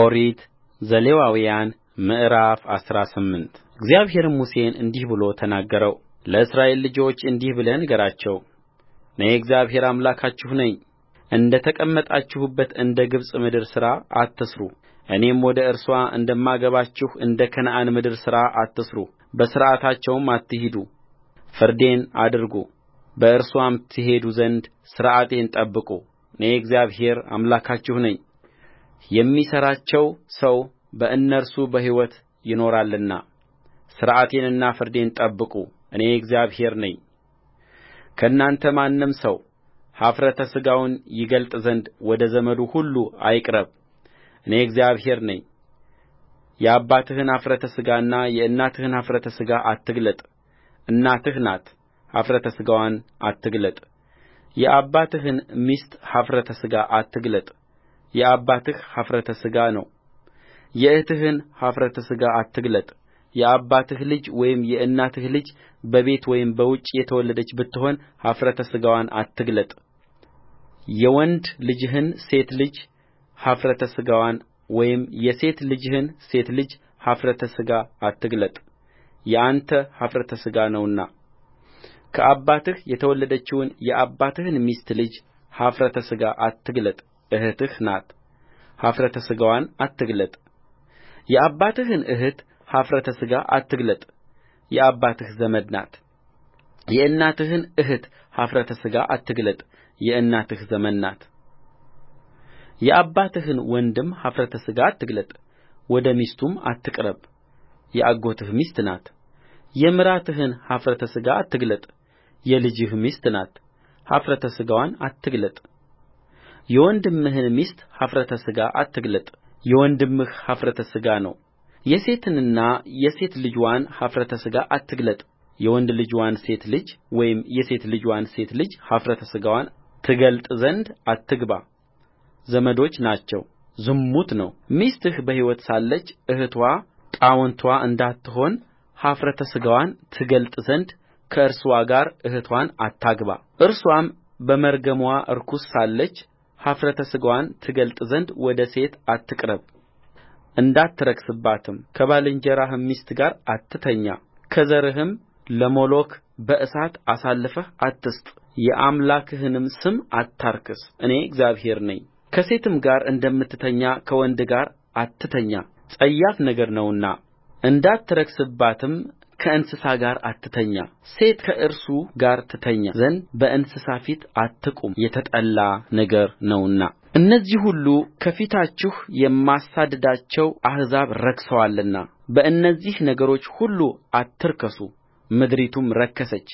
ኦሪት ዘሌዋውያን ምዕራፍ አስራ ስምንት እግዚአብሔርም ሙሴን እንዲህ ብሎ ተናገረውለእስራኤል ልጆች እንዲህ ብለህ ንገራቸው እኔ እግዚአብሔር አምላካችሁ ነኝእንደ ተቀመጣችሁባት እንደ ግብፅ ምድር ሥራ አትሥሩ እኔም ወደ እርስዋ እንደማገባችሁ እንደ ከነዓን ምድር ሥራ አትሥሩ በሥርዓታቸውም አትሂዱ ፍርዴን አድርጉ በእርስዋም ትሄዱ ዘንድ ሥርዓቴን ጠብቁ እኔ እግዚአብሔር አምላካችሁ ነኝ የሚሠራቸው ሰው በእነርሱ በሕይወት ይኖራልና ሥርዓቴንና ፍርዴን ጠብቁ እኔ እግዚአብሔር ነኝከእናንተ ማንም ሰው ኃፍረተ ሥጋውን ይገልጥ ዘንድ ወደ ዘመዱ ሁሉ አይቅረብ እኔ እግዚአብሔር ነኝየአባትህን ኃፍረተ ሥጋና የእናትህን ኃፍረተ ሥጋ አትግለጥ እናትህ ናት ኃፍረተ ሥጋዋን አትግለጥ የአባትህን ሚስት ኃፍረተ ሥጋ አትግለጥ የአባትህ ኃፍረተ ሥጋ ነው የእህትህን ኃፍረተ ሥጋ አትግለጥ የአባትህ ልጅ ወይም የእናትህ ልጅ በቤት ወይም በውጭ የተወለደች ብትሆን ኃፍረተ ሥጋዋን አትግለጥ የወንድ ልጅህን ሴት ልጅ ኃፍረተ ሥጋዋን ወይም የሴት ልጅህን ሴት ልጅ ኃፍረተ ሥጋ አትግለጥ የአንተ ኃፍረተ ሥጋ ነውና ከአባትህ የተወለደችውን የአባትህን ሚስት ልጅ ኃፍረተ ሥጋ አትግለጥ እህትህ ናት ኃፍረተ ሥጋዋን አትግለጥ የአባትህን እህት ኃፍረተ ሥጋ አትግለጥ የአባትህ ዘመድ የእናትህን እህት ኃፍረተ ሥጋ አትግለጥ የእናትህ ዘመድ ናት የአባትህን ወንድም ኃፍረተ ሥጋ አትግለጥ ወደ ሚስቱም አትቅረብ የአጎትህ ሚስት ናት የምራትህን ኃፍረተ ሥጋ አትግለጥ የልጅህ ሚስት ናት ኃፍረተ ሥጋዋን አትግለጥ የወንድምህን ሚስት ኃፍረተ ሥጋ አትግለጥ የወንድምህ ኃፍረተ ሥጋ ነው የሴትንና የሴት ልጅዋን ኃፍረተ ሥጋ አትግለጥ የወንድ ልጅዋን ሴት ልጅ ወይም የሴት ልጅዋን ሴት ልጅ ኃፍረተ ሥጋዋን ትገልጥ ዘንድ አትግባ ዘመዶች ናቸው ዝሙት ነውሚስትህ በሕይወት ሳለች እኅትዋ ጣውንትዋ እንዳትሆን ኃፍረተ ሥጋዋን ትገልጥ ዘንድ ከእርስዋ ጋር እኅትዋን አታግባ እርስዋም በመርገምዋ ርኩስ ሳለች ኃፍረተ ሥጋዋን ትገልጥ ዘንድ ወደ ሴት አትቅረብ እንዳትረክስባትም ከባልንጀራህ ሚስት ጋር አትተኛ ከዘርህም ለሞሎክ በእሳት አሳልፈህ አትስጥ የአምላክህንም ስም አታርክስ እኔ እግዚአብሔር ነኝከሴትም ጋር እንደምትተኛ ከወንድ ጋር አትተኛ ጸያፍ ነገር ነውና እንዳትረክስባትም ከእንስሳ ጋር አትተኛ ሴት ከእርሱ ጋር ትተኛ ዘንድ በእንስሳ ፊት አትቁም የተጠላ ነገር ነውና እነዚህ ሁሉ ከፊታችሁ የማሳድዳቸው አሕዛብ ረክሰዋልና በእነዚህ ነገሮች ሁሉ አትርከሱ ምድሪቱም ረከሰች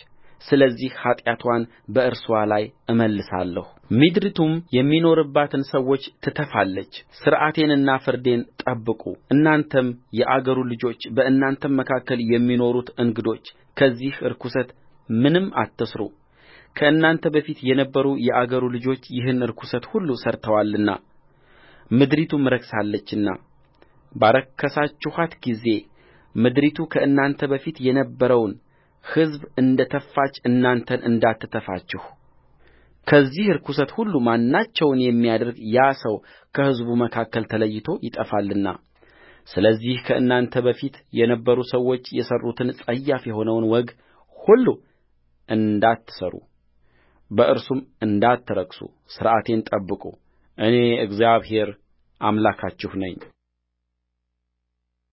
ስለዚህ ኃጢአትዋን በእርስዋ ላይ እመልሳለሁ። ምድሪቱም የሚኖሩባትን ሰዎች ትተፋለች ሥርዓቴንና ፍርዴን ጠብቁ እናንተም የአገሩ ልጆች በእናንተም መካከል የሚኖሩት እንግዶች ከዚህ ርኵሰት ምንም አትሥሩ ከእናንተ በፊት የነበሩ የአገሩ ልጆች ይህን ርኵሰት ሁሉ ሠርተዋልና ምድሪቱም ረክሳለችና ባረከሳችኋት ጊዜ ምድሪቱ ከእናንተ በፊት የነበረውን ሕዝብ እንደ ተፋች እናንተን እንዳትተፋችሁ ከዚህ ርኵሰት ሁሉ ማናቸውን የሚያደርግ ያ ሰው ከሕዝቡ መካከል ተለይቶ ይጠፋልና ስለዚህ ከእናንተ በፊት የነበሩ ሰዎች የሠሩትን ጸያፍ የሆነውን ወግ ሁሉ እንዳትሠሩ በእርሱም እንዳትረክሱ ሥርዓቴን ጠብቁ እኔ እግዚአብሔር አምላካችሁ ነኝ